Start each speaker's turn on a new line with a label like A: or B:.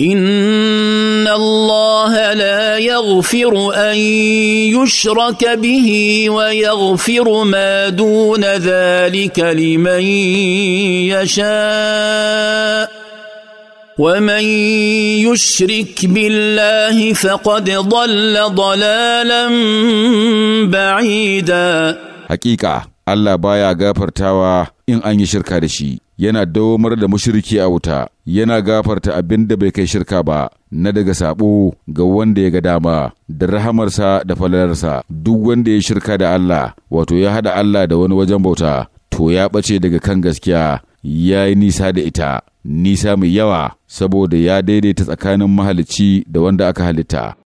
A: ان الله لا يغفر ان يشرك به ويغفر ما دون ذلك لمن يشاء ومن يشرك بالله فقد ضل ضلالا
B: بعيدا حقيقه الله بايا غفرتاوا in an yi shirka da shi yana dawamar da mushiriki a wuta yana gafarta abin da bai kai shirka ba na daga sabo ga wanda ya ga dama da rahamarsa da falalarsa duk wanda ya shirka da Allah wato ya hada Allah da wani wajen bauta to ya bace daga kan gaskiya ya yi nisa da ita nisa mai yawa saboda ya daidaita tsakanin mahalicci da wanda aka halitta